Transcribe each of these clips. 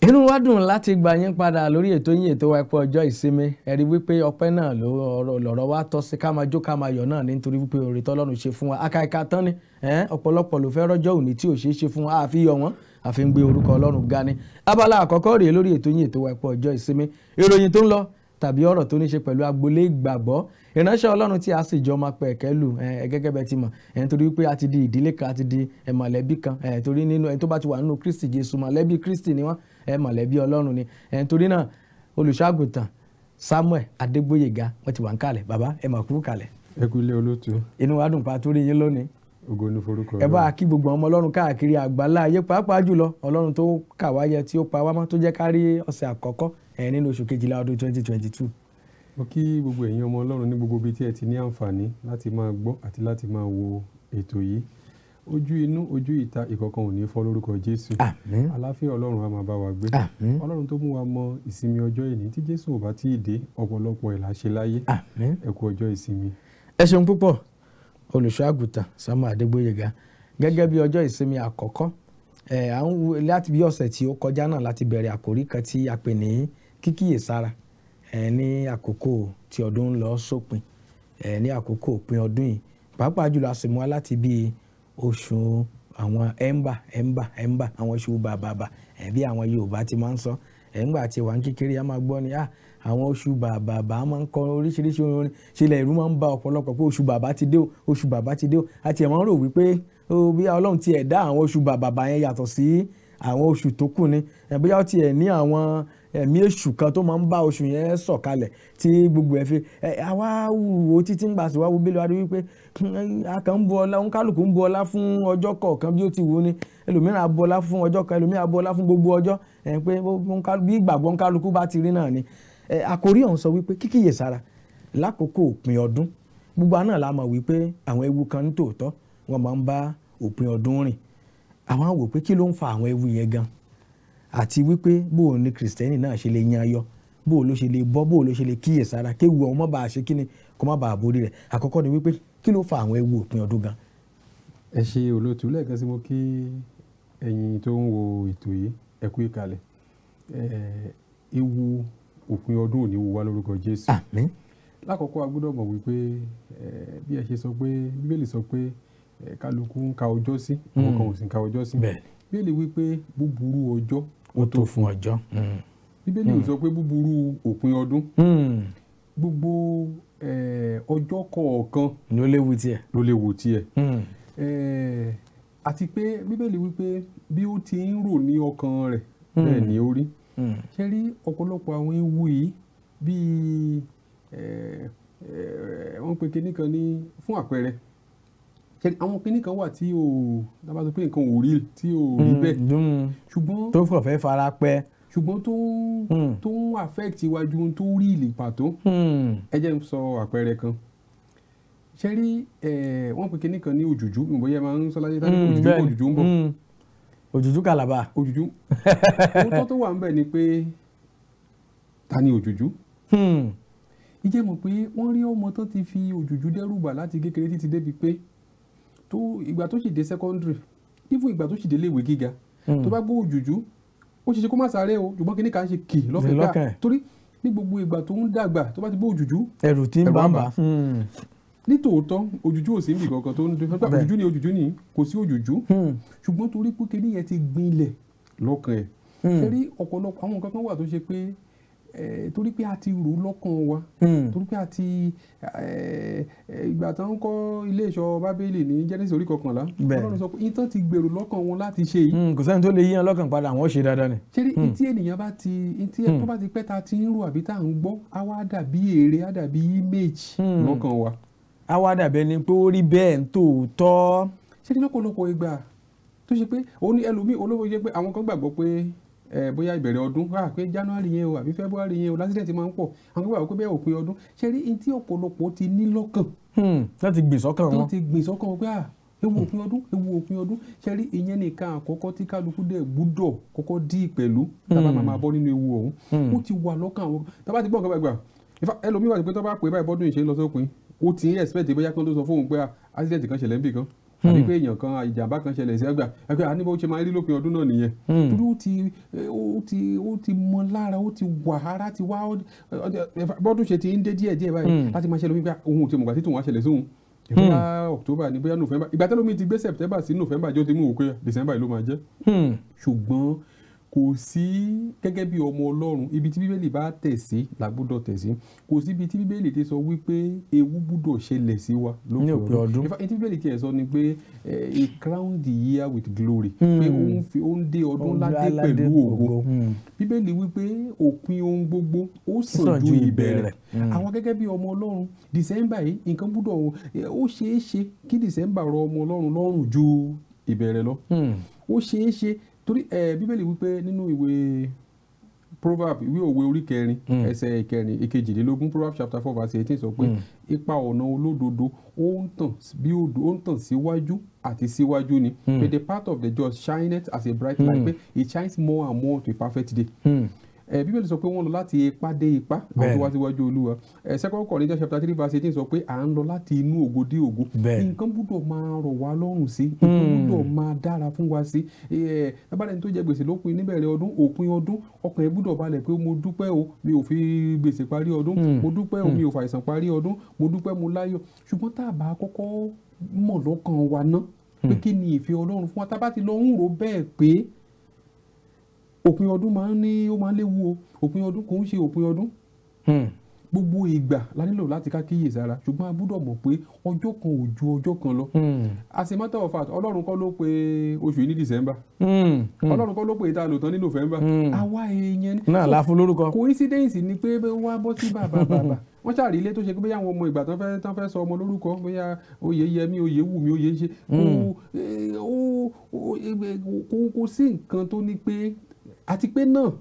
inú wa dùn láti gbà yín padà lórí ètò yín ètò wa ẹkú ọjọ́ ìsinmi ẹ̀rí wípé ọpẹ́ náà lọ́rọ̀ wa tọ́ sí ká máa jó ká máa yọ̀ náà nítorí wípé oore tọ́lọ́run ṣe fún wa akáìka tán ni ọ̀pọ̀lọpọ̀ ló fẹ́ rọ́jọ́ òní tí ò ṣeé ṣe fún wa àfi yọ̀ wọ́n àfi ń gbé orúkọ ọlọ́run ga ni abala àkọ́kọ́ rèé lórí ètò yín ètò wa ẹkú ọjọ́ ìsinmi ìròyìn tó ń lọ tàbí ọ̀rọ̀ tó ní ṣe pẹ̀lú agboolé ìgbàgbọ́ ìránṣẹ́ ọlọ́run tí a sì jọ máa pẹ̀ ẹ̀kẹ́ lù ẹ̀ gẹ́gẹ́ bẹ́ẹ̀ ti mọ̀ ẹ̀ nítorí pé a ti di ìdílé kan a ti di mọ̀lẹ́bí kan ẹ̀ torí nínú ẹ̀ tó bá ti wà nínú kristi jésù mọ̀lẹ́bí kristi ni wọ́n ẹ̀ mọ̀lẹ́bí ọlọ́run ni ẹ̀ nítorí náà olùṣọ́àgùntàn samuel adégbóyèga wọ́n ti wà ń kalẹ̀ bàbá ẹ̀ mà kú kalẹ̀. ẹ kú ilé olóòtú. inú wa dùn pa torí yín lónìí ògo ní forúkọ rẹ ẹ bá a kí gbogbo ọmọ ọlọ́run káàkiri àgbálá ayé pàápàá jùlọ ọlọ́run tó kà wá yẹ tí ó pa wá mọ́ tó jẹ́ ká rí ọ̀sẹ̀ àkọ́kọ́ ẹ̀ nínú oṣù kejìlá ọdún twenty twenty two. mo kí gbogbo ẹ̀yin ọmọ ọlọ́run ní gbogbo ibi tí ẹ ti ní àǹfààní láti máa gbọ́ àti láti máa wo ètò yìí ojú inú ojú ìta ìkọ̀kan ò ní fọ́ lórúkọ jésù àmín àlàáfíà ọlọ́run á máa bá wa gbé àmín ọlọ́run tó mú wa mọ ìsinmi ọjọ́ ìní tí jésù ò bá tí ì dé ọ̀pọ̀lọpọ̀ ìlàṣẹ láyé àmín ọjọ́ ìsinmi. ẹ ṣeun púpọ̀ olùṣọ́ àgùntàn Samuel Adégbóyèga gẹ́gẹ́ bí ọjọ́ ìsinmi àkọ́kọ́ à ń wo láti bí ọ̀sẹ̀ tí ó kọjá náà láti bẹ̀rẹ̀ àkórí kan tí a pè ní kíkíyèsára ní àkókò tí ọdún ń lọ sópin ní àkókò òpin ọdún yìí pàápàá jùlọ àsìmọ́ láti bí oṣù àwọn ẹ̀ńbà ẹ̀ńbà ẹ̀ńbà àwọn oṣù bàbàbà bí àwọn Yorùbá ti máa ń sọ ẹ̀ǹgbà tí wà ń kékeré a máa gbọ́ ni ah, àwọn oṣù bàbà bàbá máa ń kọ oríṣiríṣi orin ṣẹlẹ̀ ìrú máa ń ba ọ̀pọ̀lọpọ̀ pé oṣù bàbá ti dé o oṣù bàbá ti dé o àti ẹ̀ máa ń rò wípé oh, bí ọlọ́run ti ẹ̀ dá àwọn oṣù bàbà yẹn yàtọ̀ sí àwọn oṣù tó kù ni bóyá ó ti ẹ̀ ní àwọn ẹ̀mí èṣù kan tó máa ń bá oṣù yẹn sọ̀kalẹ̀ tí gbogbo ẹ̀ fi ẹ̀ àwa wo títí ń gbà sí wa wo bílẹ̀ wa rí wípé hmm, a kàn ń bu ọlá ń kálukú ń bu ọlá fún ọjọ́ kọ̀ọ̀kan bí ó ti wù ú ni ẹlòmíràn á ọlá fún ọjọ́ kan ẹlòmíràn á ọlá fún gbogbo ọjọ́ pé bí ìgbàgbọ́ kálukú bá ti rí náà ni àkórí ọ̀hún sọ wípé kíkíyè sára lákòókò òpin ọdún gbogbo àná la mọ̀ wípé àwọn ewu kan ń tòótọ́ wọ́n máa ń bá òpin ọdún rìn àwọn wò pé kí ló ń fa àwọn ewu yẹn gan àti wípé bó o ní kìrìsìtẹ́nì náà ṣe lè yan ayọ̀ bó o ló ṣe lè bọ́ bó ló ṣe lè kíyè sára kéwu ọ̀hún má bàa ṣe kíni kó má bàa borí rẹ̀ àkọ́kọ́ ni wípé kí ló fa àwọn ewu òpin ọdún gan. ẹ ṣe olóòtú lẹ́ẹ̀kan sí mo kí ẹ̀yin tó ń wo ètò yìí ẹ kú ìkàlẹ̀ Eh, ewu òpin ọdún ò ní wo wá lórúkọ Jésù. àmín. lákọ̀ọ́kọ́ a gbọ́dọ̀ mọ̀ wípé eh, bí ẹ ṣe sọ pé bíbélì sọ pé eh, kálukú ń ka ọjọ́ sí àwọn kan ò sì ń ka ọjọ́ sí. bíbélì wípé búburú ọjọ́ ó tó fún ọjọ́. Hmm. bíbélì ò hmm. sọ pé búburú òpin ọdún. Hmm. gbogbo ọjọ́ kọ̀ọ̀kan. ló léwu tiẹ̀. ló léwu tiẹ̀. àti pé bíbélì wípé bí ó ti ń rò ní ọkàn rẹ̀ bẹ́ẹ̀ hmm. ni ó rí hmm. ṣe rí ọ̀pọ̀lọpọ̀ àwọn ewu yìí bíi wọ́n pe kinní kan ní fún àpẹẹrẹ àwọn kinní kan wà tí o dábàá sọ pé nǹkan ò rí tí o rí hmm. bẹ́ẹ̀ ṣùgbọ́n tó fọ̀ fẹ́ fara pẹ́ ṣùgbọ́n tó ń tó ń affect iwájú tó rí ìlì pàtó ẹ jẹ́ n sọ àpẹẹrẹ kan ṣe rí wọ́n pe kinní kan ní òjòjú ìbòyẹ máa ń sọ láyé tá òjòjú òjòjú ń bọ̀ òjòjú kàlàbà. òjòjú òótọ́ tó wà ń bẹ̀ ni pé ta ni òjòjú. Hmm. ìjẹ́ mọ̀ pé wọ́n rí ọmọ tó ti fi òjòjú dẹ́rùbà láti kékeré títí débi pé tó ìgbà tó sì dé secondary even ìgbà tó sì dé iléèwé gíga hmm. tó bá gbọ́ òjòjú ó ṣe ṣe kó má sáré o ṣùgbọ́n kí ní ká ṣe kì lọ́fẹ̀ẹ́ torí ní gbogbo ìgbà tó ń dàgbà tó bá ti gbọ́ òjòjú. ẹ̀rù tí ń bá nítòótọ́ òjòjú ò sí níbi kankan tó ń dún òjòjú ni òjòjú ni kò sí òjòjú hmm. ṣùgbọ́n torí pé kinní yẹn ti gbinlẹ̀ lọ́kàn ẹ̀ hmm. ṣe rí ọ̀pọ̀lọpọ̀ àwọn nǹkan kan wà tó ṣe pé torí pé a ti rò lọ́kàn wa hmm. torí pé a ti ìgbà tó ń kọ́ ilé ìṣọ́ bábélì ní Genesis orí kọkànlá ọlọ́run sọ pé ìtàn ti gbèrò lọ́kàn wọn láti ṣe yìí. kò sẹ́ni tó lè yíyan lọ́kàn padà àwọn ṣe dáadáa ni. ṣé tí ènìyàn bá ti tí tó bá ti pẹ́ ta ti ń rò àbí tá à ń gbọ́ á wá dàbí èrè á dàbí image lọ́kàn wa á wá dàbẹ́ ni pé ó rí bẹ́ẹ̀ ń tòótọ́. ṣé ní lọ́pọ̀lọpọ̀ ìgbà tó ṣe pé òun ní ẹlòmíì olówó yẹ pé àwọn kan gbàgbọ́ pé ẹ bóyá ìbẹ̀rẹ̀ ọdún wà ah, pé january yẹn o àbí february yẹn o lásìdẹ̀tì máa ń pọ̀ àwọn kan gbàgbọ́ pé bẹ́ẹ̀ òpin ọdún ṣe rí ní tí ọ̀pọ̀lọpọ̀ ti ní lọ́kàn. láti hmm, gbìn sọ́kàn wọn. láti gbìn sọ́kàn wọn pé à ah, ewu òpin ọdún ewu òpin ọdún ṣe rí ìyẹn nìkan àkọ́kọ́ tí kálukú dẹ̀ gbúdọ̀ kọ́kọ́ dí pẹ̀lú tábà máa hmm. máa bọ́ nínú ewu ọ̀hún hmm. ó ti wà lọ́kàn àwọn tábà ti bọ̀ nǹkan bá gbà ẹlòmíì wà pé tó bá pè báyìí bọ́dún ìṣe lọ sópin ó ti ń expect bóyá kí wọ́n tó sọ fóun pé accident kan ṣẹlẹ̀ níbì kan hmm. àbí pé èèyàn kan ìjàmbá kan ṣẹlẹ̀ sí ẹgbà ẹgbẹ́ àníbó ṣe máa rí lópin ọdún náà nìyẹn hmm. torí ó ti ó ti ó ti mọ lára ó ti wà ara ti wá bọ́dún ṣe ti ń dé díẹ̀ díẹ̀ báyìí hmm. láti máa ṣe lómi pé ti mọ̀gbà tí tòun á ṣẹlẹ̀ sóun bóyá October ni bóyá November ìgbà tẹ́lómi ti gbé September sí November jọ ti mú òkú December ló máa jẹ́ ṣùgbọ́n kò sí gẹ́gẹ́ bí ọmọ ọlọ́run ibi tí bíbélì bá tẹ̀ sí la gbọ́dọ̀ tẹ̀ sí kò sí ibi tí bíbélì ti sọ wípé ewu gbọ́dọ̀ ṣẹlẹ̀ sí wa lópin ọdún ìfà tí bíbélì tiẹ̀ sọ ni pé he eh, crowned the year with glory hmm. pé òun fi ó ń dé ọdún ládé pẹ̀lú ògo hmm. bíbélì wípé òpin ohun gbogbo ó sàn ju ìbẹ̀rẹ̀ hmm. àwọn gẹ́gẹ́ bí ọmọ ọlọ́run december yìí nǹkan gbọ́dọ̀ eh, ó ṣeé ṣe kí december rọ ọmọ ọlọ́run lọ́rùn ju ìbẹ̀rẹ̀ lọ ó ṣeé ṣe torí ẹ bíbélì wípé nínú ìwé proverb ìwé òwe orí kẹrin hmm. ẹsẹ̀ ìkẹrin ìkejìlélógún proverb chapter four verse eighteen sọ pé hmm. ipa ọ̀nà olódodo ó ń tàn bí odò ó ń tàn síwájú àti síwájú ni but hmm. the part of the just shineth as a bright light pé it shines more and more to a perfect day. Mm. Eh, bíbélì sọ pé wọ́n lọ láti ipá dé ipá àwọn tó wá síwájú olúwa eh, second corinthians chapter three verse eighteen sọ pé à ń lọ láti inú ògo dé ògo nǹkan gbúdọ̀ máa rọ̀ wá lọ́rùn sí hmm. nǹkan gbúdọ̀ máa dára fún wa sí tábàdàn eh, tó jẹ gbèsè lópin níbẹ̀rẹ̀ ọdún òpin ọdún ọkàn ẹ gbúdọ̀ balẹ̀ pé mo dúpẹ́ o mi ò fi gbèsè parí ọdún hmm. mo dúpẹ́ o hmm. mi ò fàìsàn parí ọdún mo dúpẹ́ mo láyọ̀ ṣùgbọ́n tá a bá kọ́kọ́ ni ìfẹ́ ọlọ́run fún wa tá a òpin ọdún máa ń ní ó máa ń léwu o òpin ọdún kò ń ṣe òpin ọdún hmm. gbogbo ìgbà la nílò láti ká kíyè sára ṣùgbọ́n a gbúdọ̀ mọ̀ pé ọjọ́ kan ò ju ọjọ́ kan lọ. Hmm. as a matter of fact ọlọ́run kọ́ ló pe oṣù yìí ní december hmm. ọlọ́run kọ́ ló pe ìta lòtán ní november awa èèyàn ni. náà la lórúkọ. coincidence ni pé wọ́n á bọ́ sí bàbá bàbá wọ́n ṣàrí ilé tó ṣe pé bóyá àwọn ọmọ ìgbà tán fẹ́ tán fẹ́ sọ ọmọ lórúkọ bóyá oyè yẹmi oyè wùmí oyè ṣe eh, eh, kò kò sí nǹkan tó ní pé àti pé náà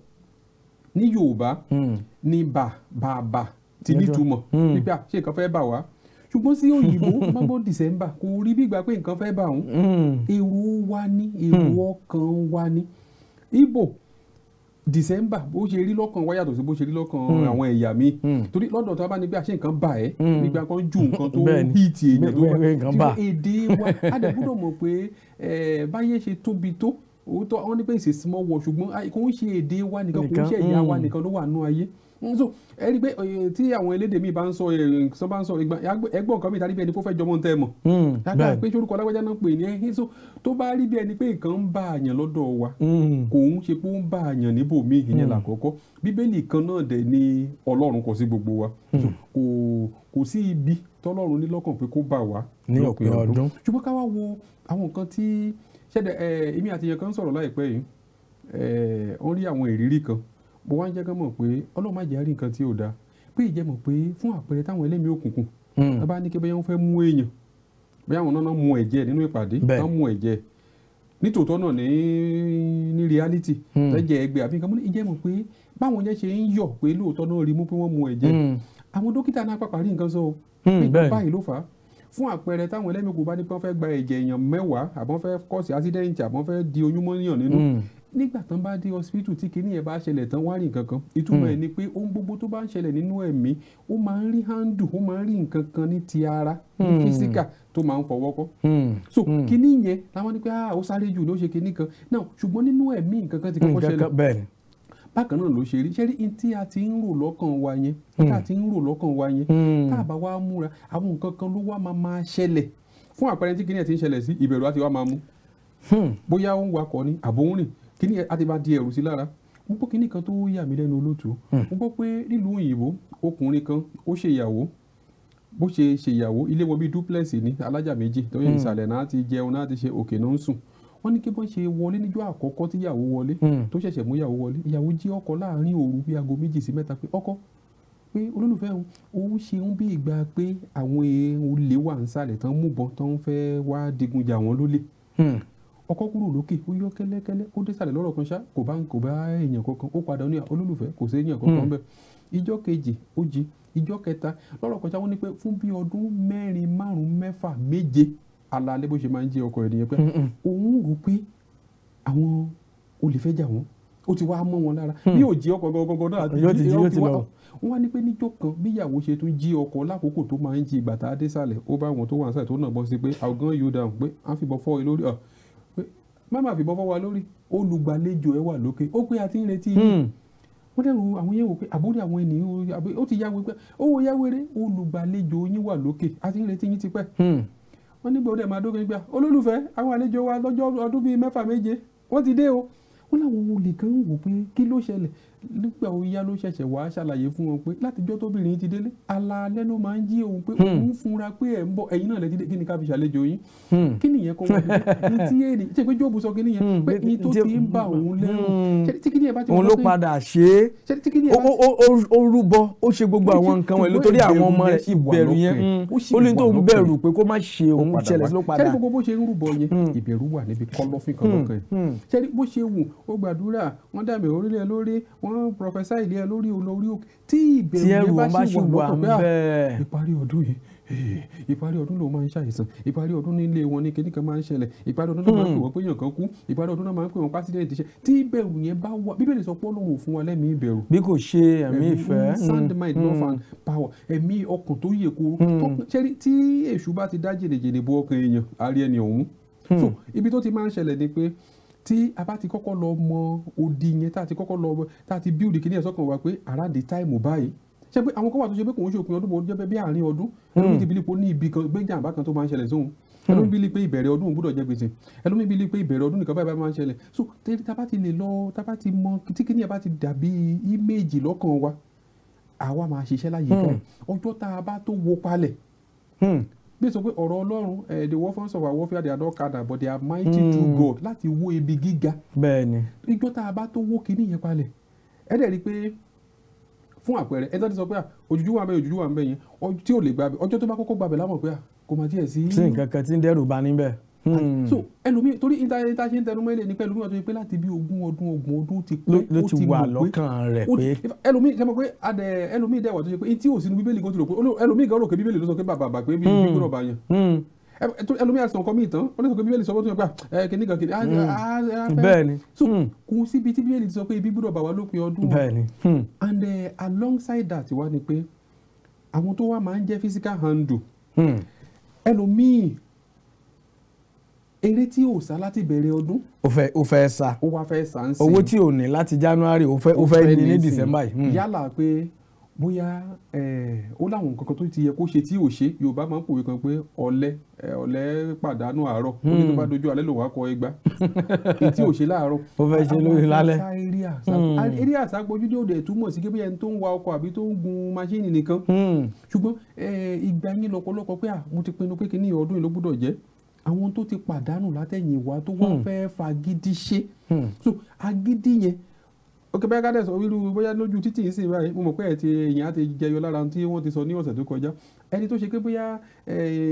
ní Yorùbá hmm. ní bà bà bà ti nítumọ̀ hmm. nígbà ṣé nǹkan fẹ́ bà wá ṣùgbọ́n sí òyìnbó mọ́gbọ́n December kò rí bí ìgbà pé nǹkan fẹ́ bà òun hmm. èrò wa ní èrò ọkàn wa ní Ìgbò December bó ṣe rí lọ́kàn wa yàtọ̀ sí bó ṣe rí lọ́kàn àwọn ẹ̀yà mi torí lọ́dọ̀ tó bá ní bí a ṣe nǹkan bà ẹ́ nígbà kan ju nǹkan tó hìtì èèyàn tó bá ti èdè wa a dẹ̀ gbọ́dọ̀ mọ̀ pé eh, báyé ṣe tóbi tó òótọ́ àwọn nípa ìṣèṣin mọ́ wọ ṣùgbọ́n ah, kò ń ṣe èdè wa nìkan kò ń ṣe ẹ̀yà wa hmm. nìkan ló wà nù ayé so ẹ rí i pé eh, tí àwọn elédè mi bá ń sọ sọ eh, bá ń sọ ẹgbọ́n kan mi ta rí bí ẹni kó fẹ́ jọmọ́ tẹ́ mọ̀ dáadáa hmm, pé sorúkọ alágbájá náà pè ní ẹ so tó bá rí bí ẹni pé nǹkan ń bá àyàn lọ́dọ̀ wa hmm. kò ń ṣe pé ó ń bá àyàn níbò mí ìyẹn làkọ́kọ́ bíbélì kan náà dẹ̀ ni ọlọ́run kọ sí gbogbo wa kò kò sí ibi tọ́lọ́run ní lọ́kàn pé kó bá wa ní ọ̀pẹ ọdún ṣùgbọ́n ká wá wo àwọn nǹkan tí ṣẹ̀dẹ̀ èmi àti yẹn kan sọ̀rọ̀ láìpẹ́ yìí ó rí àwọn ìrírí kan mo wá ń jẹ́ kán mọ̀ pé ọlọ́run má jẹ́ àárín nǹkan tí ò dáa pé ìjẹ́ mọ̀ pé fún àpẹẹrẹ táwọn ẹlẹ́mìí òkùnkùn tó hmm. bá ní kí bóyá wọ́n fẹ́ mú èèyàn bóyá àwọn náà mú ẹ̀jẹ̀ nínú ìpàdé wọ́n mú ẹ̀jẹ̀ nítòótọ́ náà ní ní reality hmm. lẹ́jẹ̀ ẹgbẹ́ àbí nǹkan mú ìjẹ́ mọ̀ pé báwọn yẹn ṣe ń yọ̀ pé lóòótọ́ náà rí mú pé wọ́n mú ẹ̀jẹ̀ hmm. àwọn dókítà náà pàpà rí nǹkan sọ pé báyìí ló fà á fún àpẹẹrẹ táwọn ẹlẹ́mìí kò bá ní pé wọ́n fẹ́ gba ẹ̀jẹ̀ èèyàn mẹ́wàá àbọ̀n fẹ́ kọ́sì ásídẹ́ǹtì àbọ̀n fẹ́ di oyún mọ́níyàn nínú hmm. nígbà tán bá dé hospital tí kinní yẹn bá ṣẹlẹ̀ tán wá rí nǹkan kan ìtumọ̀ hmm. ẹ̀ ni pé ohun gbogbo tó bá ń ṣẹlẹ̀ nínú ẹ̀mí ó máa ń rí handle ó máa ń rí nǹkan kan ní ti ara ní físíkà hmm. tó máa ń fọwọ́ kọ́ so kinní yẹn láwọn ní pé ah ó sáré jù ló ṣe kinní kan náà ṣùgbọ́n nínú ẹ̀mí nǹkan kan ti kọ́kọ́ ṣẹlẹ̀ bákan náà ló ṣe rí ṣẹ́rí in tí a ti ń rò lọ́kàn wa yẹn tá a hmm. ti ń rò lọ́kàn wa yẹn hmm. tá a bá wá múra àwọn nǹkan kan ló wá máa máa ṣẹlẹ̀ fún àpẹẹrẹ tí kìnìyàn ti ń ṣẹlẹ̀ sí ìbẹ̀rù àti wá máa mú hmm. bóyá ó ń wakọ̀ ni àbò ń rìn kìnìyàn àti bá di ẹ̀rù sí lára mo gbọ́ kìnìyàn kan tó yà mí lẹ́nu olóòtú mo gbọ́ pé nílùú òyìnbó ọkùnrin kan ó ṣe ìyàwó bó ṣe ṣèyàwó ilé wọn bíi duplex ní alájà méjì tó yẹ ìsàlẹ̀ náà ti jẹun náà ti ṣe òkè náà ń sùn wọ́n ní kí wọ́n ṣe wọlé níjọ́ àkọ́kọ́ tíyàwó wọlé hmm. tó ṣẹ̀ṣẹ̀ mú ìyàwó wọlé ìyàwó jí ọkọ láàrin òru bíi aago méjì sí mẹ́ta pé ọkọ pé olólùfẹ́ òun òun ṣe ń bí ìgbà pé àwọn olè wà ń sàlẹ̀ tán mú bọn tán fẹ́ wá digun jà wọ́n lólè hmm. ọkọ kúrò lókè ó yọ kẹ́lẹ́kẹ́lẹ́ ó dé sàlẹ̀ lọ́rọ̀ kan ṣá kò bá kò bá èèyàn kankan ó padà ní olólùfẹ́ kò sí èèyàn kankan hmm. bẹ́ẹ̀ ìjọ́ kejì ó jí ìjọ́ kẹta lọ́rọ̀ kan ṣá wọ́n ní pé fún bí ọdún mẹ́rin márùn-ún méje alalẹ́ bó ṣe máa ń jẹ́ ọkọ ẹ̀ nìyẹn pé òun rò pé àwọn olè fẹ́ jà wọ́n ó ti wá mọ́ wọn lára hmm. bí ò jí ọkọ gọgọgọ náà àti jí ẹ ó ti wá wọn wá ní pé níjọ́ kan bíyàwó ṣe tún jí ọkọ lákòókò tó máa ń jí ìgbà tá a dé sàlẹ̀ ó bá wọn tó wà sàlẹ̀ tó nà bọ́ sí pé àwọn gan yóò dáhùn pé à ń fìbọn fọ́ ẹ lórí ọ pé má má fìbọn fọ́ wa lórí olùgbàlejò ẹ wà lókè ó pé a ń retí yìí hmm. wọ́n àwọn yẹn wò pé àbúrò àwọn ènìyàn ó ti yáwé pé ó wọ yáwéré olùgbàlejò yín wà lókè a ń retí yín tipẹ́ hmm wọ́n ní gbòòrò ẹ̀ máa dókè gbà olólùfẹ́ àwọn àlejò wa lọ́jọ́ ọdún bíi mẹ́fà méje wọ́n ti dé o wọ́n láwọn olè kan wò pé kí ló ṣẹlẹ̀ nígbà ó yá ló ṣẹ̀ṣẹ̀ wá ṣàlàyé fún wọn pé látijọ́ tóbìnrin ti délé alaalẹ́ ló máa ń jí òun pé hmm. òun fúnra pé ẹ̀ ń bọ̀ ẹ̀yin náà lẹ ti dé kí ni ká fi ṣàlejò yín hmm. kí nìyẹn kọ́ wọ́n ní tí èdè ṣe pé Jóòbù sọ kíní yẹn hmm. pé ní tó ti ń bá òun lẹ́rù tí kíní yẹn bá ti wọ́n ló padà ṣe é ó rúbọ ó ṣe gbogbo àwọn nǹkan wọn lórí àwọn ọmọ rẹ̀ ìbẹ̀rù yẹn ó ní tó ń bẹ̀rù pé kó má ṣe òun ṣẹlẹ̀ ló padà ṣẹ́ni gbogbo bó ṣe ń rúbọ yẹn ìbẹ̀rù wà níbi kọ́lọ́fín kan lọ́kàn yẹn ṣẹ́ni bó ṣe wù ó gbàdúrà wọ́n dàbẹ̀ orílẹ̀ lórí wọ́n wọ́n professor ilé ẹ lórí olórí òkè tí ìbẹ̀rù yẹn bá sì wà lọ́kàn pé ìparí ọdún yìí eh, ìparí ọdún ló máa ń ṣàìsàn ìparí ọdún nílé wọn ní kíníkan máa ń ṣẹlẹ̀ ìparí ọdún náà máa ń pè wọ́n pé èèyàn kan kú ìparí ọdún náà máa ń pè wọ́n pásídẹ̀ǹtì ṣe tí ìbẹ̀rù yẹn bá wà bíbélì sọ pé Ọlọ́run ò fún wa lẹ́mìí ìbẹ̀rù. bí kò ṣe ẹ̀mí ìfẹ́ hmm, sound mind no hmm. fan power ẹ̀mí ọkàn tó yẹ kóró hmm. tí èṣù bá ti dá jèrèjèrè bo ọkàn èèyàn àrí ẹni ọ̀hún. ibi tó ti máa ń ṣẹlẹ̀ ni pé tí a bá ti kọ́kọ́ lọ mọ odi yẹn tá a ti kọ́kọ́ lọ tá a ti build kìnìyàn sọ́kàn wa pé around the time báyìí ṣe pé àwọn kan wà tó ṣe pé kò ń ṣe òpin ọdún bò ó jẹ́ bí àárín ọdún ẹlòmíì hmm. ti bílípo ní ibi kan gbẹ́jàmbá kan tó máa ń ṣẹlẹ̀ sóhun hmm. ẹlòmíì bílí pé ìbẹ̀rẹ̀ ọdún òun gbọ́dọ̀ jẹ gbèsè ẹlòmíì bílí pé ìbẹ̀rẹ̀ ọdún nìkan báyìí máa ń ṣẹlẹ̀ so tẹ́lẹ̀ a bá ti lè lọ tá a bá ti mọ tí kí ni a bá ti dàbí íméèjì lọ́kàn wa àwa máa ṣiṣẹ́ láyé kan hmm. ọjọ́ tá a bá tó wo palẹ̀ bísí pé ọ̀rọ̀ ọlọ́run eh, the weapons of our warfare they are not carnal but they are mighty mm. through God láti wó ibi gíga. bẹ́ẹ̀ni. ìjọ tá a bá tó wó kinní yẹn palẹ̀ ẹ dẹ̀ rí i pé fún àpẹẹrẹ ẹ dọ́tí sọ pé òjòjú ah, wà bẹ́ẹ̀ òjòjú wà bẹ́ẹ̀ yẹn tí ò lè gbàbẹ̀ ọjọ́ tó bá kọ́kọ́ gbàbẹ̀ lámọ̀ pé ah, kò má tiẹ̀ sí. sí nǹkan kan tí ń dẹ́rù bà níbẹ̀ so ẹlòmíì torí internet ṣe ń tẹnu mọ́lẹ̀ ní pé ẹlòmíì ọ̀tọ̀ yìí pé láti bí ogún ọdún ogún ọdún ti pé ó ti wà lọ́kàn rẹ̀ pé ẹlòmíì ṣe mọ̀ pé adẹ ẹlòmíì dẹ̀wà tó ṣe pé tí ò sínú bíbélì kan ti rò pé ẹlòmíì gan rò pé bíbélì ló sọ pé bàbà àgbà pé bíbélì gbọ́dọ̀ bá yẹn ẹlòmíì àti sọ̀kan míì tán ó lè sọ pé bíbélì sọ fún ọgbà ẹ kìnnì kan kìnnì bẹ́ẹ̀ni so kò síbi tí bíbélì sọ pé ibi gbọ́dọ̀ bá wa lópin ọdún bẹ́ẹ̀ni and uh, alongside that wá ni pé àwọn tó wá máa ń jẹ́ physical handle ẹlòmíì eré tí ò sá láti bẹ̀rẹ̀ ọdún. o fẹ́ o fẹ́ sa. o wá fẹ́ sá ń sìn. owó tí ò ní láti january o fẹ́ o fẹ́ ní ní december yìí. Hmm. yálà pé bóyá ó láwọn nǹkan kan tó ti yẹ kó ṣe tí ò ṣe yorùbá máa ń pòwe kan pé ọ̀lẹ ọ̀lẹ pàdánù àárọ̀ ó ní tó bá hmm. dojú alẹ́ lòun á kọ igba tí ò ṣe láàárọ̀. ó fẹ́ ṣe lórí lálẹ́. eré àsápojúdé hmm. òde túmọ̀ sí kébí ẹni tó ń wa ọkọ̀ àbí tó ń gun maṣíìnì nìkan ṣùgbọ́n ìgbà yín lọ́pọ̀lọpọ̀ pé à mo ti pinnu pé kí ní ọdún yìí ló gbọ́dọ̀ jẹ́ àwọn tó ti pàdánù látẹ̀yìn wá tó wá hmm. fẹ́ fagídí ṣe hmm. so agidi yẹn ok bẹ́ẹ̀ kádẹ́ sọ wíru bóyá lójú títì ń sìn báyìí mo mọ̀ pé ẹ̀ ti èèyàn á ti jẹyọ lára tí wọ́n ti sọ ní ọ̀sẹ̀ tó kọjá ẹni tó ṣe pé bóyá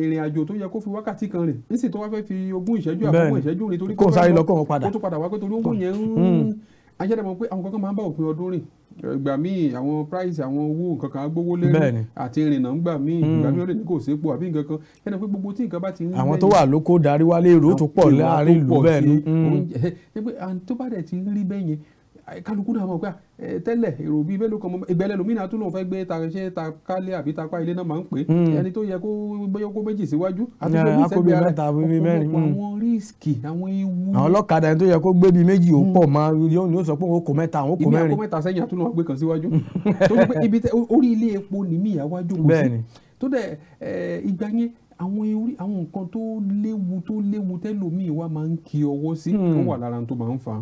ìrìn àjò tó yẹ kó fi wákàtí kan rìn ń sì tó wá fẹ́ fi ogún ìṣẹ́jú àbọ̀wọ̀ ìṣẹ́jú rìn torí kó sáré lọ kó wọn padà kó tó padà wá pé torí owó hmm. yẹn ń ajẹ́dàmọ́ pé àwọn kankan máa ń bá òpin ọdún rìn ìgbà míì àwọn price àwọn owó nǹkan kan gbówó lẹ́rù àti ìrìnnà ń gbà míì hmm. ìgbà míì ọ̀rẹ́ ní kò sépo àbí nǹkan kan yẹn pé gbogbo tí nǹkan bá ti ń lẹ́yìn. àwọn tó wà lóko darí wálé èrò tó pọ̀ láàrin ìlú bẹ́ẹ̀ ni. Hmm. tó bá dẹ̀ ti ń rí bẹ́yẹn kálukú náà mọ̀ pé tẹ́lẹ̀ èrò bíi mélòó kan ìgbẹ́lẹ̀ lómìnira tó lóun fẹ́ gbé ta ṣe ta kálé àbí ta pa ilé náà máa ń pè é hmm. ẹni tó yẹ kó bóyá kó méjì síwájú àti kó bí sẹ́gbẹ̀ẹ́ rẹ̀ ọ̀pọ̀lọpọ̀ hmm. àwọn rísìkì àwọn ewu. àwọn ọlọ́kadà ẹni tó yẹ kó gbé bíi méjì ó pọ̀ mọ́ yóò ní ó sọ pé òun kò mẹ́ta àwọn kò mẹ́rin. ìmí àkómẹ́ta sẹ́yìn àtúnú àgbẹ̀ kan síwájú orí ilé epo nìmí ìyáwájú àwọn orí àwọn nǹkan tó léwu tó léwu tẹ́lòmíì wa máa ń kí ọwọ́ sí ó hmm. wà lára tó máa ń fa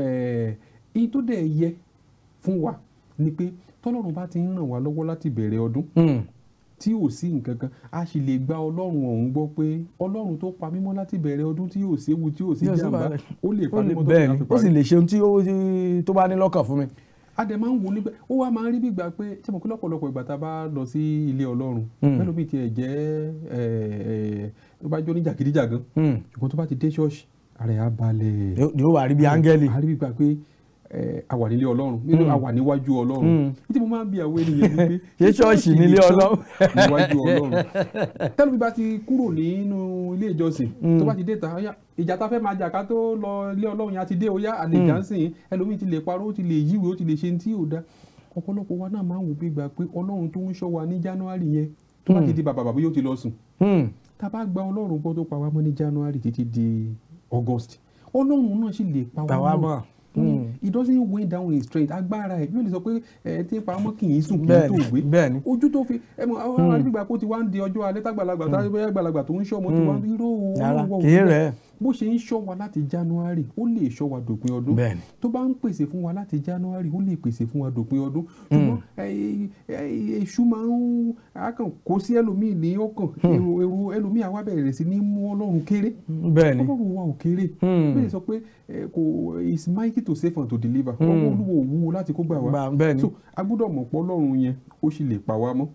ẹ̀ẹ́n eh, tó dẹ̀ yẹ fún wa ni pé tọ́lọ́run bá ti ń ràn wá lọ́wọ́ láti bẹ̀rẹ̀ ọdún hmm. tí ò sí nǹkan kan a sì lè gba ọlọ́run ọ̀hún gbọ́ pé ọlọ́run tó pa mímọ́ láti bẹ̀rẹ̀ ọdún tí ò séwu tí ò sí jàǹbá ó lè pa mímọ́ tó fi láti ó sì lè ṣeun tí tó bá ní lọ́kàn fún mi. a dẹ̀ máa ń wo nígbà ó wá máa ń rí bí gbà pé ṣé mo kí lọ́pọ̀lọpọ̀ ìgbà tá a bá lọ sí ilé ọlọ́run mélòó hmm. bíi tiẹ̀ jẹ́ eh, eh, tó bá jó ní jàgídíjàgan hmm. ṣùgbọ́n tó bá ti dé ṣọ́ọ̀ṣì ara yà balẹ̀. ni ó wà rí bí áńgẹ́lì. a rí bí gba pé a wà nílé ọlọ́run nínú hmm. a wà níwájú ọlọ́run hmm. nítorí mo máa ń bi àwọn ènìyàn wípé. ṣé ṣọ́ọ̀ṣì nílé ọlọ́run. níwájú ọlọ́run tẹ́lifí bá ti kúrò nínú ilé ìjọsìn hmm. tó bá ti dé ta ìjà tá a fẹ́ máa jà ká tó lọ ilé ọlọ́run yẹn a ti dé oyá àlejò ànsìn ẹlòmíì ti lè parọ́ ó ti lè yíwèé ó ti lè ṣe ní tí ò da ọ̀pọ̀lọpọ̀ wa náà máa ń wò bí gbà pé ọlọ́run tó ń ṣọ́ wa ní january yẹn tó bá ti di bàbà bàbá yóò ti lọ sùn tá a bá gba ọlọ́run gbọ́ tó pa wá mọ́ ní january títí di august ọlọ́run náà sì lè pa wá he doesn't weigh down his strength agbára ẹ̀ yóò lè sọ pé ẹ̀ tí ń pa ọmọ kì í sùn kì í tó wé ojú tó fi ẹ mọ àwọn àwọn àdìgbà kó ti wá ń di ọjọ́ alẹ́ tágbàlagbà hmm. tágbàlagbà tó ń ṣọ́ ọmọ tó hmm. wá ń ríró owó wọ̀ bó ṣe ń ṣọ́ wa láti January ó lè ṣọ́ wa dòpin ọdún tó bá ń pèsè fún wa láti January ó lè pèsè fún wa dòpin ọdún hmm. ṣùgbọ́n èṣù máa ń akàn kó sí ẹlòmíì ní ọkàn èrò ẹlòmíì àwa bẹ̀rẹ̀ sí ní mú ọlọ́run kéré ọlọ́run wa ò kéré bẹ́ẹ̀ sọ pé kò is mighty to save and to deliver ọmọ hmm. olúwo wúwo láti kó gbà wá so a gbọ́dọ̀ mọ̀ pé ọlọ́run yẹn ó sì lè pa wá mọ́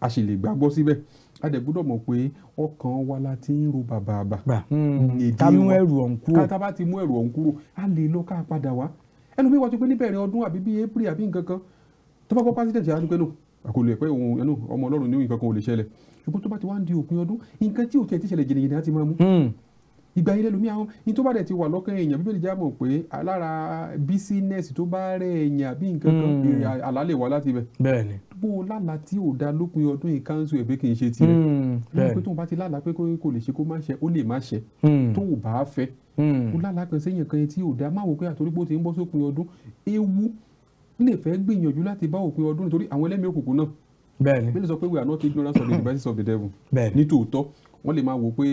a sì lè gbàgbọ́ síbẹ̀ a dẹ̀ gbọ́dọ̀ mọ̀ pé ọkàn wa la ti ń ro bàbà àbà hmm. kàmú ẹrù ọ̀hún kúrò kátà bá ti mú ẹrù ọ̀hún kúrò a lè lọ ká padà wá ẹnu mi wá ti pé níbẹ̀rẹ̀ ọdún àbí bíi april àbí nǹkan kan tó bá gbọ́ president yàrá ni pé nù kò lè pẹ́ òun ẹnu ọmọ ọlọ́run ní nǹkan kan ò lè ṣẹlẹ̀ ṣùgbọ́n tó bá ti wá ń di òpin ọdún nǹkan tí ò tiẹ̀ ti ṣẹlẹ̀ jìnnìjìnnì á ti máa mú hmm ìgbà yẹn lẹ́lòmí àwọn ní tó bá dẹ̀ ti wà lọ́kàn èèyàn bíbélì já mọ̀ pé lára bísínẹ́sì tó bá rẹ̀ èèyàn àbí nǹkan kan hmm. àlá lè wá láti ibẹ̀. bẹ́ẹ̀ni. bó o lálà tí ò da lópin ọdún yìí káńsù ẹ̀bẹ́ kì í ṣe tirẹ̀. Hmm. bẹ́ẹ̀ni pé tóun bá ti lálà pé kò lè ṣe kó má ṣe ó lè má ṣe hmm. tó o bá fẹ́. o lálà kan sẹ́yìn kan tí ò da má wò pé àtòrí pé ó ti ń bọ́ sópin ọdún ewu lè fẹ́ gbìyànjú láti bá òpin ọdún nítorí àwọn ẹlẹ́mìí òkùnkùn náà. bẹ́ẹ̀ni bí lè sọ pé we are not ignorant of the devices of the devil. bẹ́ẹ̀ni ní tòótọ́ wọ́n lè máa wò pé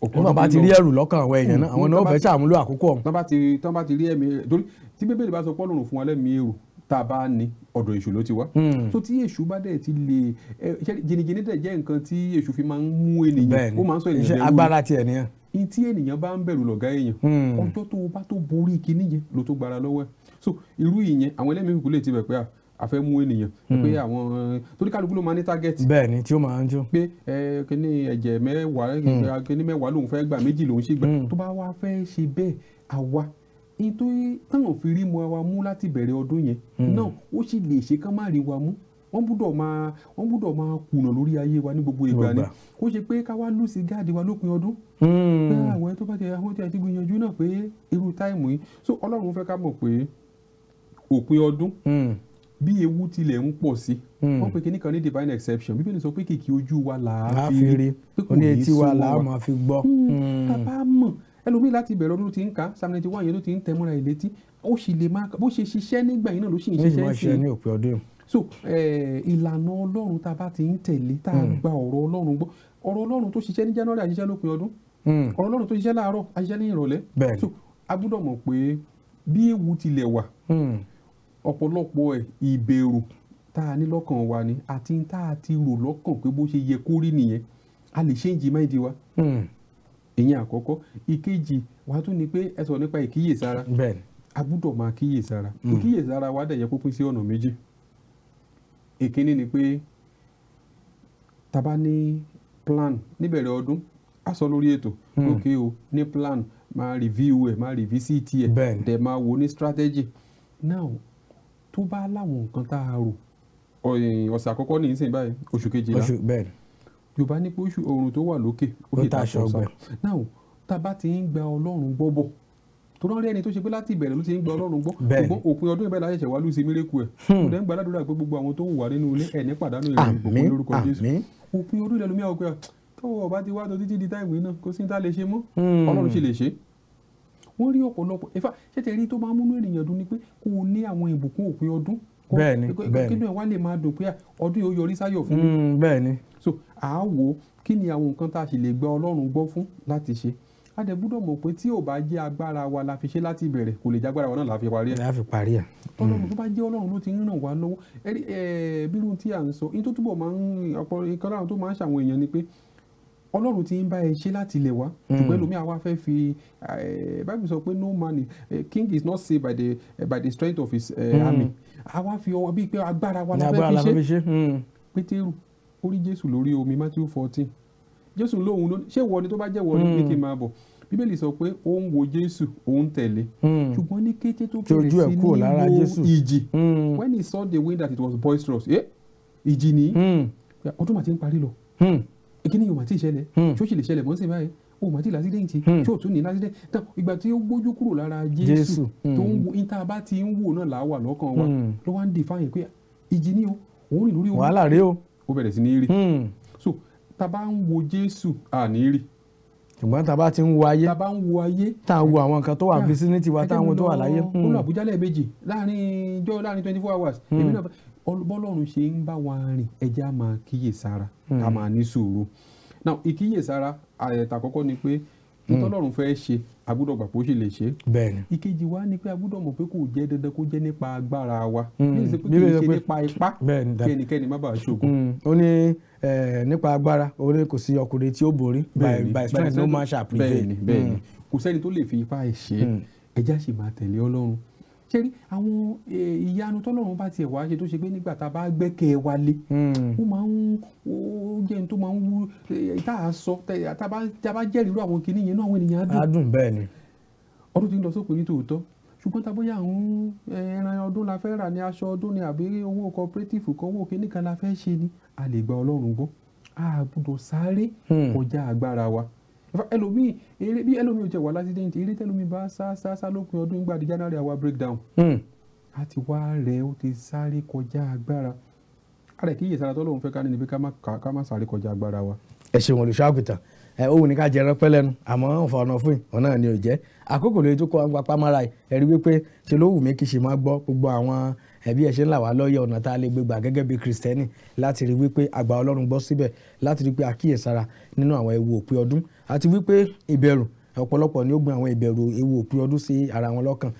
òkúrò bá ti rí ẹrù lọ́kàn àwọn èèyàn náà àwọn náà fẹ́ ṣàmúlò àkókò ọ̀hún. tán bá ti tán bá ti rí ẹ̀mí torí tí bíbélì bá sọ pé Ọlọ́run fún wa lẹ́mí èrò tá a bá ní ọ̀dọ̀ èṣù ló ti wá. Hmm. so tí èṣù bá dẹ̀ ti lè jìnnìjìnnì dẹ̀ jẹ́ nǹkan tí èṣù fi máa ń mú ènìyàn ó máa ń sọ ènìyàn lẹ́rù agbára tiẹ̀ nìyẹn. tí ènìyàn bá ń bẹ̀rù lọ̀gá èèyàn hmm. ọjọ́ tó o bá tó borí kinní yẹn ló tó gbára lọ́wọ́ ẹ̀ so irú ìyẹn àwọn ẹlẹ́mìí kúkú lè ti bẹ̀ pé à a fẹ́ mú ènìyàn. pé hmm. àwọn torí kálukú ló máa ní tágẹ́tì. bẹ́ẹ̀ ni tí ó máa ń jó. pé ẹ kíní ẹ̀jẹ̀ mẹ́wàá hmm. kíní mẹ́wàá lòun fẹ́ gbà méjì lòun ṣe gbà hmm. tó bá wá fẹ́ ṣe bẹ́ẹ̀ àwa nítorí táwọn fi rí mu wa mú láti bẹ̀rẹ̀ ọdún yẹn náà ó sì lè ṣe kán má rí wa mú wọ́n gbúdọ̀ máa wọ́n gbúdọ̀ máa kùnà lórí ayé wa ní gbogbo ìgbà ni kó ṣe pé ká wá lùsí gáàdì wa lópin ọdún. pé àwọn tó bá ti àwọn tí a gbìyànjú náà pé irú táìmù yìí so ọlọ́run fẹ́ ká mọ̀ pé òpin ọdún bí ewu tilẹ̀ ń pọ̀ sí hmm. wọ́n pe kíní kan ní divine exception bíbélì sọ pé kìkì ojú wa là á fi rí pé kò ní etí wa là á máa fi gbọ́. bàbá hmm. hmm. mọ̀ ẹlòmíì láti bẹ̀rẹ̀ ọdún tí ń ka psalm ninety one yẹn ló ti ń tẹ mọ́ra ìlétí ó sì lè máa bó ṣe ṣiṣẹ́ nígbà yìí náà ló sì ń ṣiṣẹ́ sí i. so ìlànà ọlọ́run tá a bá ti ń tẹ̀lé tá a gba ọ̀rọ̀ ọlọ́run gbọ́ ọ̀rọ̀ ọlọ́run tó ṣiṣẹ́ ní january àṣiṣẹ́ lópin ọdún ọ̀rọ̀ ọlọ́run tó ṣiṣẹ́ láàárọ̀ àṣiṣẹ́ ní ìrọ̀lẹ́ so a gbọ́dọ̀ mọ̀ pé bí ewu tilẹ̀ wà ọ̀pọ̀lọpọ̀ ẹ̀ ìbẹ̀rù tá a ní lọ́kàn wa ni àti tá a ti rò lọ́kàn pé bó ṣe yẹ kó rí nìyẹn a lè change mind wa hmm. ìyẹn àkọ́kọ́ ìkejì wàá tún ni pé ẹ sọ nípa ìkíyèsára a gbúdọ̀ máa kíyèsára hmm. ìkíyèsára wa dẹ̀ yẹ kó pín sí ọ̀nà méjì ìkíní ni pé tá bá ní plan níbẹ̀rẹ̀ ọdún a sọ lórí ètò òkè hmm. o ní plan máa review ẹ̀ máa revisit ẹ̀ dẹ̀ máa wò ní strategy now tó bá láwọn nǹkan tá a rò ọ̀sẹ̀ àkọ́kọ́ ní ìsìn báyìí oṣù kejìlá oṣù bẹ́ẹ̀ yorùbá ní pé oṣù oorun tó wà lókè ó lè ta aṣọ ọgbà náà tá a bá ti ń gba ọlọ́run gbọ́ bọ̀ tó rán rí ẹni tó ṣe pé láti ìbẹ̀rẹ̀ ló ti ń gba ọlọ́run gbọ́ ṣùgbọ́n òpin ọdún ìbẹ̀rẹ̀ láṣẹ̀ṣẹ̀ wá lùsí mílíkù ẹ̀ kò hmm. dẹ́ ń gbàdúrà pé gbogbo àwọn tó wù wá nínú ilé ẹ̀ pàdánù ìrìn òpin lórúkọ jésù òpin ọdún ìlẹ̀ lómi àwọn tọ́wọ́ ọba ti wá tó títí di táìmù iná kò sí ní tá lè ṣe mọ́ hmm. ọlọ́run ṣe lè ṣe é wọ́n rí ọ̀pọ̀lọpọ̀ ẹ̀fà ṣé tẹ̀rí tó máa múnú ènìyàn dùn ni pé kò ní àwọn ìbùkún òpin ọdún bẹ́ẹ̀ni bẹ́ẹ̀ni kí ló wá lè máa dùn pé ọdún yóò yọrí sáyọ̀ fún mi mm, bẹ́ẹ̀ni so àá wò kí ni àwọn nǹkan tá a sì lè gba Ọlọ́run gbọ́ fún láti ṣe a dẹ̀ gbọ́dọ̀ mọ̀ pé tí ò bá jẹ́ agbára wa la fi ṣe láti bẹ̀rẹ̀ kò lè jágbára wa náà la fi parí ẹ̀. la fi parí ẹ̀. ọlọ́run mm. tó bá jẹ́ ọlọ́run ló ti ń ràn wá lọ́wọ́ bí irun tí à ń sọ ní tó túbọ̀ máa ń ọ̀pọ̀ ìkan tó máa ń ṣàwọn èèyàn ni pé ọlọ́run ti ń bá ẹ ṣe láti ilẹ̀ wá hmm. ṣùgbọ́n ẹlòmíà wá fẹ́ fi eh, bible sọ pé no man eh, king is not saved by the eh, by the strength of his hmm. army àwa fi ọwọ́ bíi pé agbára wa la fẹ́ fi ṣe hmm. pétérù ó rí jésù lórí omi matthew fourteen jésù lóhun ló ṣé wọ ni tó bá jẹ́ wọ ni pé kí n máa bọ̀ bíbélì sọ pé ó ń wo jésù ó tẹ̀lé ṣùgbọ́n ní kété tó bẹ̀rẹ̀ sí ní wo ìjì when he saw the wind that it was boisterous ìjì nìyí ọdún màtí ń parí lọ ìkíni yóò mà ti ṣẹlẹ̀ hmm. tí ó sì lè ṣẹlẹ̀ mọ́ sí báyìí o mà ti lásídẹ̀ǹtì tí ò hmm. tún ní lásídẹ̀ǹtì tán ìgbà tí ó gbójú kúrò lára Jésù tó ń hmm. wo níta bá ti ń wò náà làá lọ́kàn wa ló wá ń di fáyìn pé ìjì ni o òun rìn lórí omi wàhálà rèé o ó bẹ̀rẹ̀ sí ní rí so tá a bá ń wo Jésù à ní rí ṣùgbọ́n tá a bá ti ń wo ayé tá a bá ń wo ayé tá a wo àwọn nǹkan tó wà vicinity wa táwọn tó wà láyé. twenty four hours bọ́lọ́run ṣe ń bá wa rìn ẹjẹ́ á máa kíyèsára hmm. ká máa ní sùúrù now ìkíyèsára àkọ́kọ́ ni pé ìtọ́lọ́run hmm. fẹ́ ṣe agbúdọ̀ gbà pé ó sì lè ṣe. bẹ́ẹ̀ni. ìkejì wa ni pé agbúdọ̀ mọ̀ pé kò jẹ́ dandan kó jẹ́ nípa agbára wa. Hmm. bíbélì sọ pé kì í ṣe nípa ipá kí ẹnikẹ́ni má bàa ṣògo. ó ní nípa agbára ó ní kò sí ọkùnrin tí ó borí by strength no man shall prevail. bẹ́ẹ̀ni bẹ́ẹ̀ni kò sẹ́ni tó lè fi ipá ẹ̀ ṣe ẹja sì máa tẹ̀lé ọlọ́run ṣe rí àwọn e, ìyanu tọ́lọ́run bá tiẹ̀ wá ṣe tó ṣe pé nígbà tá a bá gbẹ́kẹ̀ wa lé hmm. ó máa ń ó jẹ́ ní tó máa ń wú e, tá a sọ tá a bá jẹ́rìí irú àwọn kìnìyàn náà àwọn ènìyàn á dùn. á bẹ́ẹ̀ ni. ọdún tí ń lọ sópin ní tòótọ́ ṣùgbọ́n tá bóyá àwọn e, ẹran ọdún la fẹ́ rà ní aṣọ ọdún ni àbí owó cooperative kan owó kìnìkan la fẹ́ ṣe ni a lè gba Ọlọ́run gbọ́ a sáré hmm. kọjá agbára wa ẹlòmíì eré bí ẹlòmíì ò tẹ wà lásìdẹ́ǹtì eré tẹlòmíì bá sá sá sá lópin ọdún nígbà di January àwa breakdown hmm. a ti wá rẹ̀ ó ti sáré kọjá agbára àrẹ kí iye tó lóun fẹ́ ká ní ni pé ká má sáré kọjá agbára wa. ẹ ṣeun olùṣọ́àgùtàn ẹ òun ní ká jẹ ẹran pẹ́lẹ́nu àmọ́ ọ̀fà ọ̀nà fún ìwọ̀n náà ni ò jẹ́ àkókò lóye tó kọ́ àwọn pamara ẹ̀rí wípé ṣe ló wù mí kí ṣe máa gbọ́ gbogbo àwọn ẹbí ẹ ṣe ń là wá lọ́yẹ̀ ọ̀nà tá a lè gbégbà gẹ́gẹ́ bí kìrìsìtẹ́nì láti rí wípé àgbà ọlọ́run gbọ́ síbẹ̀ láti rí pé àkíyèsára nínú àwọn ewu òpin ọdún àti wípé ìbẹ̀rù ọ̀pọ̀lọpọ̀ ni ó gbin àwọn ìbẹ̀rù ewu òpin ọdún sí ara wọn lọ́kàn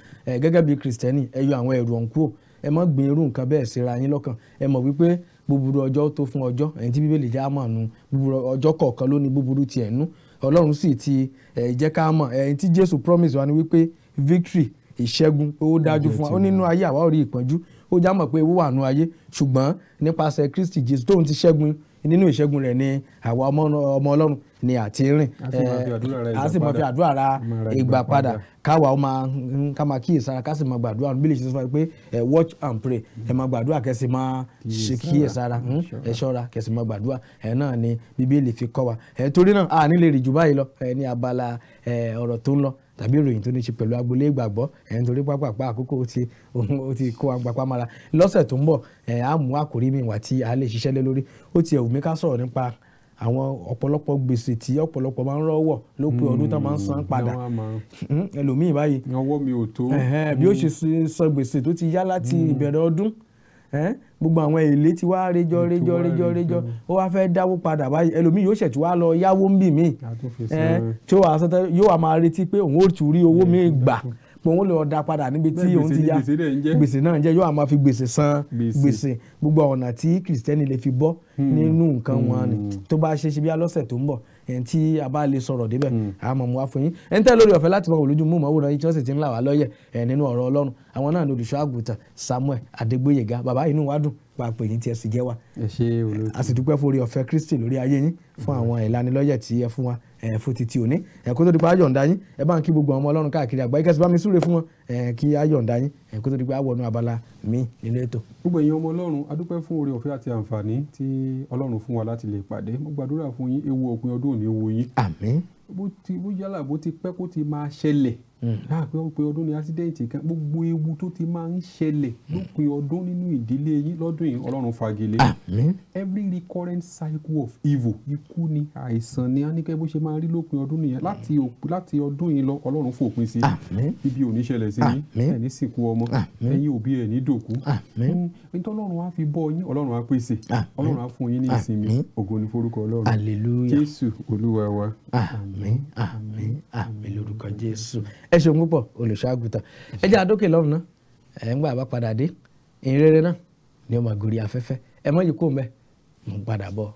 gẹ́gẹ́ bí kìrìsìtẹ́nì ẹ yọ àwọn ẹ̀rù ọ̀hún kúrò ẹ má gbin irú nǹkan bẹ́ẹ̀ síra yín lọ́kàn ẹ mọ̀ wípé búburú ọjọ́ tó fún ọjọ́ ẹ̀yìn tí bíbélì já mọ̀ nu búburú ọjọ́ kọ̀ọ̀kan ló ní búburú tiẹ̀ nú ọlọ́run sì ti jẹ́ ká mọ̀ ẹ̀yìn tí jésù promise wa ni wípé victory ìṣẹ́gun ó dájú fún wa ó nínú ayé àwa ò rí ìpọ́njú ó já mọ̀ pé ewu wà nú ayé ṣùgbọ́n nípasẹ̀ kristi jésù tóun ti ṣẹ́gun nínú ìṣẹ́gun rẹ̀ ni àwa ọmọ ọlọ́run ni àti rìn a sì máa fi àdúrà eh, ra ìgbà padà káwa ó máa ká máa kíyè sára ká sì máa gbàdúrà bí lè ṣe sọ pé eh, watch and pray ẹ máa gbàdúrà kẹsì máa ṣe hmm? kíyè sára ẹ ṣọ́ra kẹsì máa gbàdúrà ẹ náà ni bíbélì fi kọ́ wa eh, torí náà a ní lè báyìí lọ ní abala ọ̀rọ̀ tó ń lọ tàbí ìròyìn tó ní ṣe pẹ̀lú agboolé ìgbàgbọ́ ẹ̀ nítorí pápápá àkókò ti ó ti kó agbapá mára lọ́sẹ̀ tó ń bọ̀ ẹ̀ á mú àkórí mi wá tí a lè ṣiṣẹ́ lé lórí ó ti ẹ̀wù mi ká sọ̀rọ̀ nípa àwọn ọ̀pọ̀lọpọ̀ gbèsè tí ọ̀pọ̀lọpọ̀ máa ń rọ́wọ́ ló pé hmm, ọdún tó máa ń san padà hmm, ẹlòmíì báyìí ọwọ́ mi ò tó bí ó ṣe san gbèsè tó ti yá láti hmm. ìbẹ̀rẹ̀ ọdún gbogbo àwọn èlé ti wá rejọ rejọ rejọ rejọ ó wá fẹ́ dáwó padà báyìí ẹlòmíì yóò ṣẹ̀tù wá lọ yáwó ń bì mí tí ó wà sọ́tẹ́ yóò wá máa retí pé òun ó tù rí owó mi gbà pé òun lè ọ̀dà padà níbi tí òun ti yá gbèsè náà ń jẹ́ yóò máa fi gbèsè san gbèsè gbogbo ọ̀nà tí kìrìsìtẹ́nì lè fi bọ́ hmm. nínú nǹkan wọn hmm. tó bá ṣe ṣe bí alọ́sẹ̀ tó ń bọ̀ ẹni tí a bá lè sọ̀rọ̀ débẹ̀ hmm. a máa mú wá fún yín ẹni tẹ́ lórí ọ̀fẹ́ láti máa wò lójú mú màwòrán yìí tí wọ́n sì ti ń là wá lọ́yẹ̀ nínú ọ̀rọ̀ ọlọ́run àwọn náà ní olùṣọ́ àgùntàn Samuel Adégbóyèga bàbá inú wa dùn pa pé yín tí ẹ sì jẹ́ wa a sì dúpẹ́ fún orí ọ̀fẹ́ Kristi lórí ayé yín fún hmm. àwọn ìlanilọ́yẹ̀ tí ẹ fún wa fún títí òní ẹ̀kọ́ tó di pa ayọ̀ǹda yín ẹ bá ń kí gbogbo ọmọ ọlọ́run káàkiri àgbáyé kẹsì bá mi súre fún wọn kí á yọ̀ǹda yín kó tó di pé á wọnú abala mi nínú ètò. gbogbo èèyàn ọmọ ọlọ́run a dúpẹ́ fún oore ọ̀fẹ́ àti àǹfààní tí ọlọ́run fún wa láti lè pàdé mo gbàdúrà fún yín ewu òpin ọdún òní ewu yín. àmín. bó ti bó yálà bó ti pẹ́ kó ti máa ṣẹlẹ̀ hmm. láàpẹ́ òpin ọdún ní ásídẹ́ǹtì kan gbogbo ewu tó ti máa ń ṣẹlẹ̀ hmm. lópin ọdún nínú ìdílé yín lọ́dún yìí ọlọ́run fagilé. àmín. every recurrent cycle of evil ikú ni àìsàn ni a ní kẹ́ bó ṣe máa rí lópin ọdún nìyẹn hmm. láti ọdún yìí lọ ọlọ́run fòpin sí. àmín. ibi ò ní ṣẹlẹ̀ sí ah, yín ẹni sìnkú ọmọ ah, ẹ̀yin òbí ẹ ní dòkú ah, ntọ́lọ́run á fi bọ́ yín ọlọ́run á pèsè ọlọ́run á fún yín ní ìsinmi ògo ni forúkọ ọlọ́run hallelujah jésù olúwa wa. àmín àmín àmín lórúkọ jésù ẹ ṣeun púpọ̀ olùṣọ́àgùtàn ẹ jẹ́ àdókè lọ́run náà ẹ̀ ń gbà bá padà dé ìrere náà ni ó máa gorí afẹ́fẹ́ ẹ mọ̀ yìí kó mẹ́ mo ń padà bọ̀.